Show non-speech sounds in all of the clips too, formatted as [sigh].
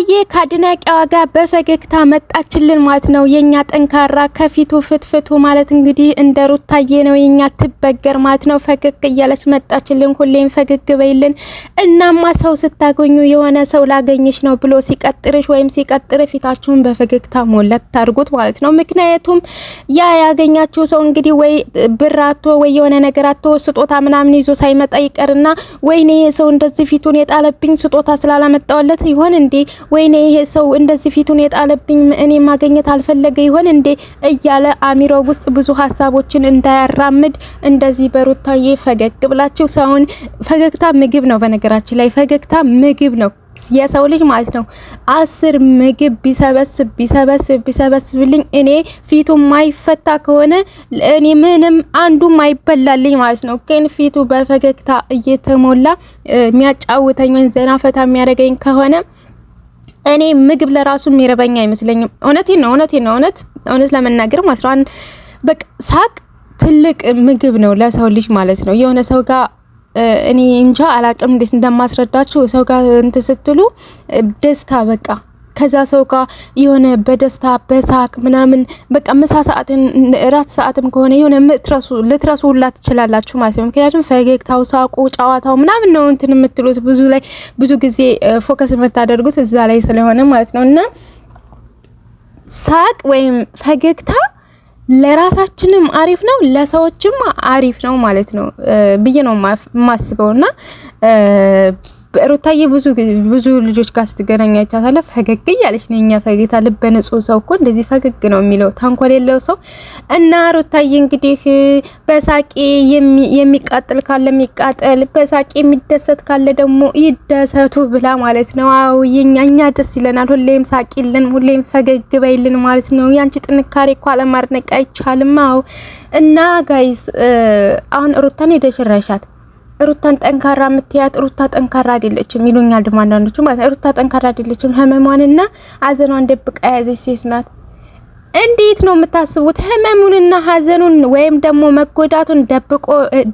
ሩታዬ ከአድናቂዋ ጋር በፈገግታ መጣችልን ማለት ነው። የኛ ጠንካራ ከፊቱ ፍትፍቱ ማለት እንግዲህ እንደ ሩታዬ ነው የኛ ትበገር ማለት ነው። ፈገግ እያለች መጣችልን። ሁሌም ፈገግ በይልን። እናማ ሰው ስታገኙ የሆነ ሰው ላገኝሽ ነው ብሎ ሲቀጥርሽ ወይም ሲቀጥር ፊታችሁን በፈገግታ ሞለት ታርጉት ማለት ነው። ምክንያቱም ያ ያገኛችሁ ሰው እንግዲህ ወይ ብራቶ ወይ የሆነ አቶ ስጦታ ምናምን ይዞ ሳይመጣ ይቀርና ወይኔ ሰው እንደዚህ ፊቱን የጣለብኝ ስጦታ ስላላመጣውለት ይሆን እንዴ ወይኔ ይሄ ሰው እንደዚህ ፊቱን የጣለብኝ እኔ ማግኘት አልፈለገ ይሆን እንዴ እያለ አሚሮ ውስጥ ብዙ ሀሳቦችን እንዳያራምድ እንደዚህ በሩታዬ ፈገግ ብላችሁ ሰውን ፈገግታ ምግብ ነው። በነገራችን ላይ ፈገግታ ምግብ ነው የሰው ልጅ ማለት ነው። አስር ምግብ ቢሰበስብ ቢሰበስብ ቢሰበስብልኝ እኔ ፊቱ ማይፈታ ከሆነ እኔ ምንም አንዱ ማይበላልኝ ማለት ነው። ግን ፊቱ በፈገግታ እየተሞላ የሚያጫውተኝ ወይም ዘና ፈታ የሚያደርገኝ ከሆነ እኔ ምግብ ለራሱ የሚረበኝ አይመስለኝም። እውነቴን ነው እውነቴን ነው እውነት እውነት ለመናገር ማለት በቃ ሳቅ ትልቅ ምግብ ነው ለሰው ልጅ ማለት ነው። የሆነ ሰው ጋር እኔ እንጃ አላቅም እንዴት እንደማስረዳችሁ ሰው ጋር እንትን ስትሉ ደስታ በቃ ከዛ ሰው ጋር የሆነ በደስታ በሳቅ ምናምን በቃ ምሳ ሰዓትን እራት ሰዓትም ከሆነ የሆነ ምትረሱ ልትረሱ ሁላ ትችላላችሁ ማለት ነው። ምክንያቱም ፈገግታው፣ ሳቁ፣ ጨዋታው ምናምን ነው እንትን የምትሉት ብዙ ላይ ብዙ ጊዜ ፎከስ የምታደርጉት እዛ ላይ ስለሆነ ማለት ነው። እና ሳቅ ወይም ፈገግታ ለራሳችንም አሪፍ ነው ለሰዎችም አሪፍ ነው ማለት ነው ብዬ ነው የማስበው እና በሩታዬ ብዙ ብዙ ልጆች ጋር ስትገናኝ አይቻታለሁ። ፈገግ እያለች ነው። እኛ ፈገግታ ልበ ንጹህ ሰው እኮ እንደዚህ ፈገግ ነው የሚለው ተንኮል የለው ሰው እና ሩታዬ እንግዲህ በሳቄ የሚቃጥል ካለ የሚቃጠል፣ በሳቄ የሚደሰት ካለ ደግሞ ይደሰቱ ብላ ማለት ነው። አዎ የኛ እኛ ደስ ይለናል። ሁሌም ሳቂልን፣ ሁሌም ፈገግ በይልን ማለት ነው። ያንቺ ጥንካሬ እኮ አለማድነቅ አይቻልም። አዎ እና ጋይስ አሁን ሩታን የደሸረሻት ሩታን ጠንካራ የምትያት ሩታ ጠንካራ አይደለችም ይሉኛል። ደሞ አንዳንዶቹ ማለት ሩታ ጠንካራ አይደለችም፣ ህመሟንና አዘኗን ደብቃ የያዘች ሴት ናት። እንዴት ነው የምታስቡት? ህመሙንና ሀዘኑን ወይም ደግሞ መጎዳቱን ደብቆ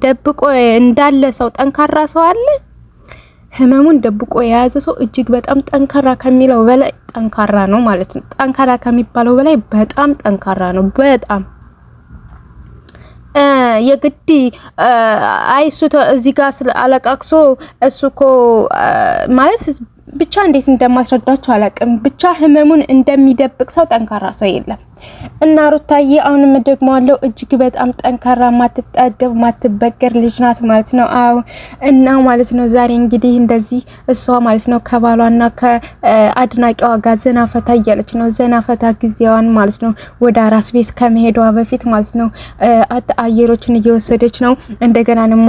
ደብቆ እንዳለ ሰው ጠንካራ ሰው አለ? ህመሙን ደብቆ የያዘ ሰው እጅግ በጣም ጠንካራ ከሚለው በላይ ጠንካራ ነው ማለት ነው። ጠንካራ ከሚባለው በላይ በጣም ጠንካራ ነው። በጣም የግድ አይ እሱ እዚህ ጋር አለቃቅሶ እሱ እኮ ማለት ብቻ እንዴት እንደማስረዳቸው አላውቅም። ብቻ ህመሙን እንደሚደብቅ ሰው ጠንካራ ሰው የለም። እና ሩታዬ አሁንም ደግመዋለሁ እጅግ በጣም ጠንካራ ማትጠገብ ማትበገር ልጅ ናት ማለት ነው። አዎ እና ማለት ነው ዛሬ እንግዲህ እንደዚህ እሷ ማለት ነው ከባሏና ከአድናቂዋ ጋር ዘና ፈታ እያለች ነው። ዘና ፈታ ጊዜዋን ማለት ነው ወደ አራስ ቤት ከመሄዷ በፊት ማለት ነው አየሮችን እየወሰደች ነው። እንደገና ደግሞ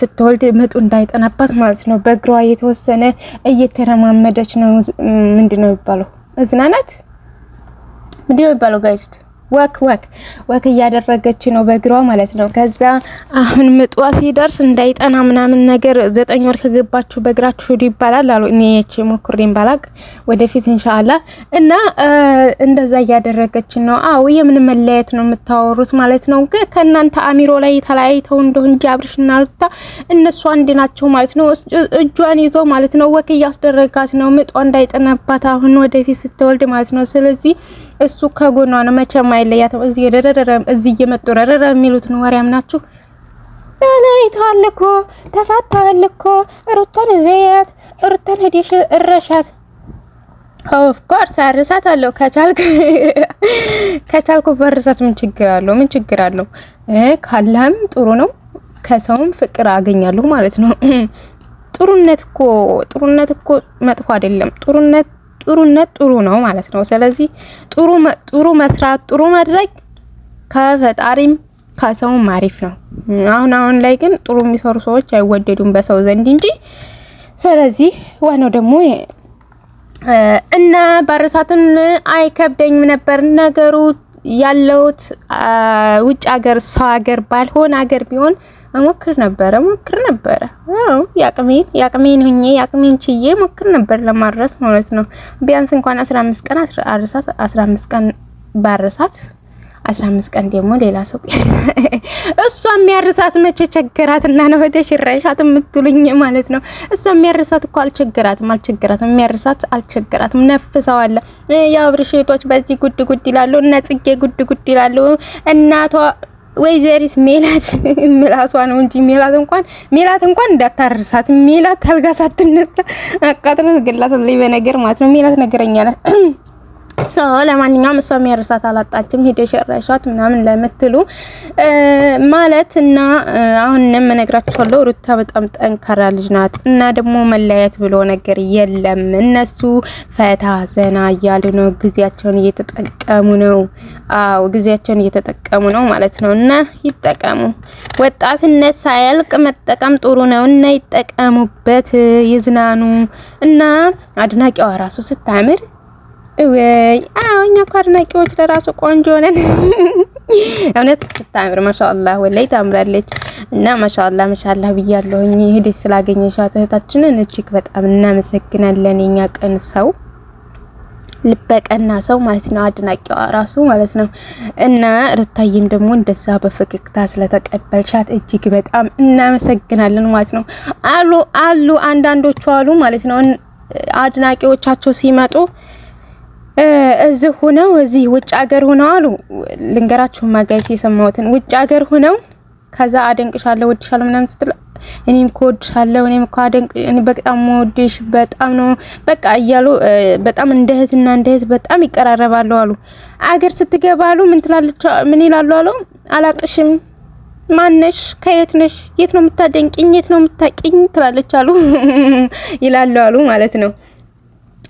ስትወልድ ምጡ እንዳይጠናባት ማለት ነው በእግሯ የተወሰነ እየተረማመደች ነው። ምንድን ነው የሚባለው መዝናናት ምንድን ነው የሚባለው ጋይስ? ወክ ወክ ወክ እያደረገች ነው በእግሯ ማለት ነው። ከዛ አሁን ምጧ ሲደርስ እንዳይጠና ምናምን ነገር ዘጠኝ ወር ከገባችሁ በእግራችሁ ሂዱ ይባላል አሉ። እኔ እቺ ሞክሬን ባላቅ ወደፊት ኢንሻአላህ እና እንደዛ እያደረገች ነው። አው የምን መለያየት ነው የምታወሩት ማለት ነው። ከእናንተ አሚሮ ላይ ተለያይተው እንደሆነ እንጂ አብርሽና ሩታ እነሱ አንድ ናቸው ማለት ነው። እጇን ይዞ ማለት ነው ወክ እያስደረጋት ነው ምጧ እንዳይጠናባት አሁን ወደፊት ስትወልድ ማለት ነው። ስለዚህ እሱ ከጎኗ ነው መቼም አይለያትም። እዚህ ደረረ እዚህ እየመጡ ረረረ የሚሉት ነው ወሬ አምናችሁ ተለያይተዋል እኮ ተፋተዋል እኮ ሩታን ዘይያት ሩታን ሄደሽ እረሻት። ኦፍ ኮርስ አርሳት አርሳታለሁ ከቻልኩ [laughs] ከቻልኩ በርሳት ምን ችግር አለው? ምን ችግር አለው? ካላም ጥሩ ነው። ከሰውም ፍቅር አገኛለሁ ማለት ነው። [clears throat] ጥሩነት እኮ ጥሩነት እኮ መጥፎ አይደለም። ጥሩነት ጥሩነት ጥሩ ነው ማለት ነው። ስለዚህ ጥሩ ጥሩ መስራት ጥሩ ማድረግ ከፈጣሪም ከሰውም አሪፍ ነው። አሁን አሁን ላይ ግን ጥሩ የሚሰሩ ሰዎች አይወደዱም በሰው ዘንድ እንጂ። ስለዚህ ዋናው ደግሞ እና ባረሳትም አይከብደኝም ነበር ነገሩ ያለውት ውጭ ሀገር ሰው ሀገር ባልሆን ሀገር ቢሆን እሞክር ነበረ ሞክር ነበረ አዎ ያቅሜን ያቅሜን ሁኜ ያቅሜን ችዬ ሞክር ነበር ለማድረስ ማለት ነው። ቢያንስ እንኳን 15 ቀን አርሳት 15 ቀን ባረሳት 15 ቀን ደግሞ ሌላ ሰው [laughs] እሷ የሚያርሳት መቼ ቸገራት እና ነው ወደ ሽራሻት የምትሉኝ ማለት ነው። እሷ የሚያርሳት እኮ አልቸገራትም አልቸገራትም የሚያርሳት አልቸገራትም። ነፍሰዋለ የአብርሽ እህቶች በዚህ ጉድ ጉድ ይላሉ፣ እነ ጽጌ ጉድ ጉድ ይላሉ እናቷ ወይዘሪት ሜላት [laughs] ምላሷ ነው እንጂ ሜላት እንኳን ሜላት እንኳን እንዳታርሳት ሜላት አልጋ ሳትነሳ አቃጥላ ላይ በነገር ማለት ነው ሜላት ነገረኛ ነው። [clears throat] ለማንኛውም እሷ የሚያርሳት አላጣችም። ሂደሽ ያራሻት ምናምን ለምትሉ ማለት እና አሁን እነግራችኋለሁ ሩታ በጣም ጠንካራ ልጅ ናት እና ደግሞ መለያየት ብሎ ነገር የለም። እነሱ ፈታ ዘና እያሉ ነው፣ ጊዜያቸውን እየተጠቀሙ ነው። አዎ ጊዜያቸውን እየተጠቀሙ ነው ማለት ነው። እና ይጠቀሙ። ወጣትነት ሳያልቅ መጠቀም ጥሩ ነው እና ይጠቀሙበት፣ ይዝናኑ። እና አድናቂዋ ራሱ ስታምር ወይ አዎ፣ እኛ እኮ አድናቂዎች ለራሱ ቆንጆ ነን። እውነት ስታምር ማሻአላህ፣ ወላይ ታምራለች። እና ማሻአላ ማሻአላ ብያለሁኝ። ሂደት ስላገኘሻት እህታችንን እጅግ በጣም እናመሰግናለን። የኛ ቀን ሰው ልበቀና ሰው ማለት ነው። አድናቂዋ ራሱ ማለት ነው። እና ርታይም ደግሞ እንደዛ በፈገግታ ስለተቀበልሻት እጅግ በጣም እናመሰግናለን ማለት ነው። አሉ አሉ አንዳንዶቹ አሉ ማለት ነው አድናቂዎቻቸው ሲመጡ እዚህ ሆነው እዚህ ውጭ ሀገር ሆነው አሉ ልንገራችሁ ማጋይት የሰማሁትን ውጭ ሀገር ሆነው ከዛ አደንቅሻለሁ ወድሻለሁ ምናምን ስትል እኔም እኮ ወድሻለሁ እኔም እኮ አደንቅ እኔ በጣም ወድሽ በጣም ነው በቃ እያሉ በጣም እንደ እህትና እንደ እህት በጣም ይቀራረባሉ አሉ። አገር ስትገባሉ ምን ትላለች ምን ይላሉ አሉ አላቅሽም፣ ማነሽ፣ ከየት ነሽ፣ የት ነው የምታደንቅኝ፣ የት ነው የምታቂኝ ትላለች አሉ [laughs] ይላሉ አሉ ማለት ነው።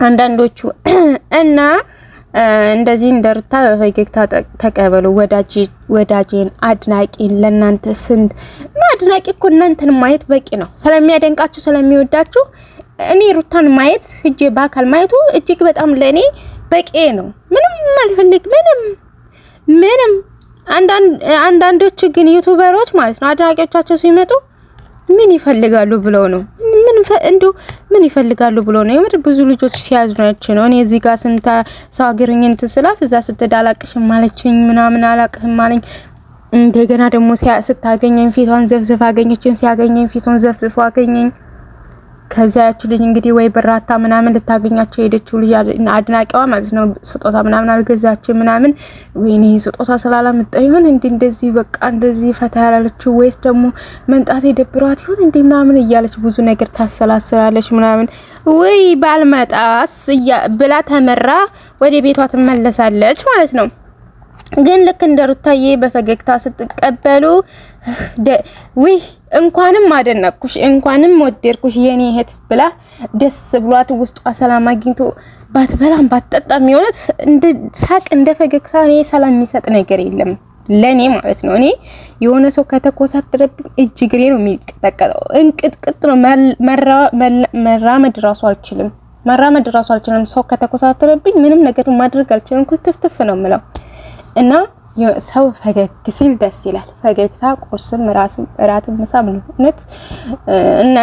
አንዳንዶቹ [clears throat] እና እንደዚህ እንደርታ ፈገግታ ተቀበሉ። ወዳጅ ወዳጄን አድናቂን ለእናንተ ስንት አድናቂ እኮ እናንተን ማየት በቂ ነው። ስለሚያደንቃችሁ ስለሚወዳችሁ እኔ ሩታን ማየት እጄ በአካል ማየቱ እጅግ በጣም ለእኔ በቂ ነው። ምንም አልፈልግ ምንም ምንም። አንዳንዶቹ ግን ዩቱበሮች ማለት ነው አድናቂዎቻቸው ሲመጡ ምን ይፈልጋሉ ብለው ነው ምን እንዶ ምን ይፈልጋሉ ብሎ ነው የምር ብዙ ልጆች ሲያዙ ናቸው ነው። እኔ እዚህ ጋር ስንታ ሰው አገርኝ እንትን ስላት እዛ ስትሄድ አላቅሽም አለችኝ ምናምን አላቅህም አለኝ። እንደገና ደግሞ ስታገኘኝ ፊቷን ዘፍዘፍ አገኘችኝ፣ ሲያገኘኝ ፊቷን ዘፍዝፎ አገኘኝ። ከዛ ያቺ ልጅ እንግዲህ ወይ በራታ ምናምን ልታገኛቸው የሄደችው ልጅ አድናቂዋ ማለት ነው ስጦታ ምናምን አልገዛችም ምናምን ወይኔ ስጦታ ስላላመጣ ይሆን እንዲ እንደዚህ በቃ እንደዚህ ፈታ ያላለችው ወይስ ደግሞ መንጣት የደብሯት ይሁን እንዲ ምናምን እያለች ብዙ ነገር ታሰላስላለች ምናምን ወይ ባልመጣስ ብላ ተመራ ወደ ቤቷ ትመለሳለች ማለት ነው። ግን ልክ እንደ ሩታዬ በፈገግታ ስትቀበሉ ውይ እንኳንም አደነቅኩሽ እንኳንም ወደድኩሽ የኔ እህት ብላ ደስ ብሏት ውስጧ ሰላም አግኝቶ ባትበላም ባትጠጣም የሆነት ሳቅ እንደ ፈገግታ እኔ ሰላም የሚሰጥ ነገር የለም ለኔ ማለት ነው። እኔ የሆነ ሰው ከተኮሳተረብኝ እጅ ግሬ ነው የሚቀጠቀጠው። እንቅጥቅጥ ነው መራመድ ራሱ አልችልም። መራመድ ራሱ አልችልም። ሰው ከተኮሳተረብኝ ምንም ነገር ማድረግ አልችልም። ኩልትፍትፍ ነው ምለው። እና ሰው ፈገግ ሲል ደስ ይላል። ፈገግታ ቁርስም፣ ራስም፣ እራትም ምሳም ነው እውነት እና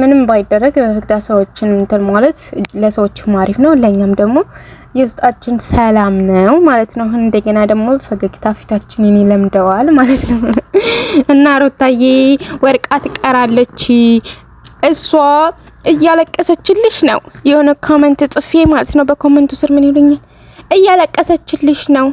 ምንም ባይደረግ በፈገግታ ሰዎችን እንትን ማለት ለሰዎችም አሪፍ ነው፣ ለኛም ደግሞ የውስጣችን ሰላም ነው ማለት ነው። እንደገና ደግሞ ፈገግታ ፊታችንን ይለምደዋል ማለት ነው [laughs] እና ሩታዬ ወርቃ ትቀራለች እሷ እያለቀሰችልሽ ነው የሆነ ኮመንት ጽፌ ማለት ነው። በኮመንቱ ስር ምን ይሉኛል እያለቀሰችልሽ ነው።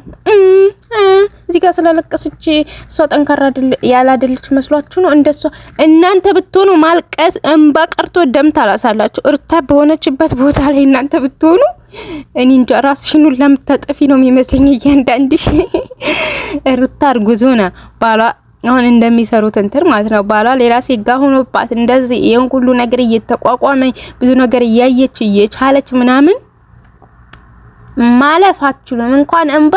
እዚህ ጋር ስላለቀሰች እሷ ጠንካራ ያላደለች መስሏችሁ ነው? እንደሷ እናንተ ብትሆኑ ማልቀስ እንባ ቀርቶ ደም ታላሳላችሁ። እርታ በሆነችበት ቦታ ላይ እናንተ ብትሆኑ እኔ እንጃ ራስሽን ለምታጠፊ ነው የሚመስለኝ እያንዳንድሽ። እርታ እርጉዝ ባሏ አሁን እንደሚሰሩት እንትን ማለት ነው ባሏ ሌላ ሴጋ ሆኖባት እንደዚህ ይህን ሁሉ ነገር እየተቋቋመ ብዙ ነገር እያየች እየቻለች ምናምን ማለፍ አትችሉም። እንኳን እንባ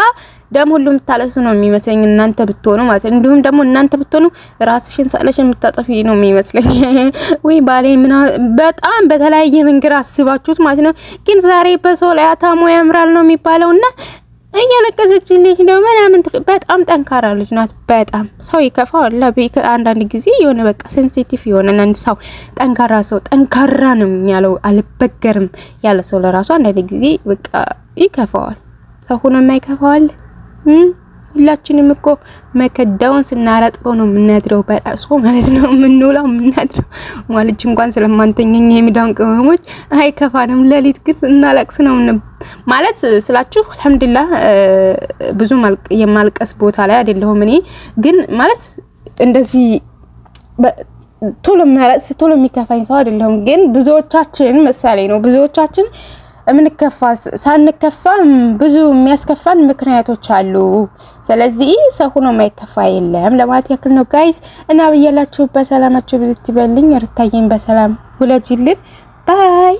ደም ሁሉ የምታለሱ ነው የሚመስለኝ እናንተ ብትሆኑ ማለት ነው። እንዲሁም ደግሞ እናንተ ብትሆኑ ራስሽን ሳለሽ የምታጠፊ ነው የሚመስለኝ። ወይ [laughs] ባሌ ምና በጣም በተለያየ መንገድ አስባችሁት ማለት ነው። ግን ዛሬ በሰው ላይ አታሞ ያምራል ነው የሚባለው የሚባለውና እያለቀሰች ልጅ ነው ምናምን። በጣም ጠንካራ ልጅ ናት። በጣም ሰው ይከፋዋል። አንዳንድ ጊዜ የሆነ በቃ ሴንሲቲቭ የሆነ አንድ ሰው ጠንካራ ሰው ጠንካራ ነው ያለው አልበገርም ያለ ሰው ለራሱ አንዳንድ ጊዜ በቃ ይከፋዋል። ሰው ሆኖ የማይከፋዋል። ሁላችንም እኮ መከዳውን ስናረጥበው ነው የምናድረው፣ በራሱ ማለት ነው የምንውለው የምናድረው። ማለች እንኳን ስለማንተኛኝ የሚዳን ቅመሞች አይከፋንም። ሌሊት ግን እናለቅስ ነው ማለት ስላችሁ። አልሐምዱሊላህ ብዙ የማልቀስ ቦታ ላይ አይደለሁም እኔ ግን ማለት እንደዚህ ቶሎ የሚያለቅስ ቶሎ የሚከፋኝ ሰው አይደለሁም። ግን ብዙዎቻችን ምሳሌ ነው ብዙዎቻችን የምንከፋ ሳንከፋ ብዙ የሚያስከፋን ምክንያቶች አሉ። ስለዚህ ሰው ሆኖ ማይከፋ የለም ለማለት ያክል ነው ጋይስ። እና ብያላችሁ በሰላማችሁ ብዙ ትበልኝ ርታየኝ በሰላም ውለጅልን ባይ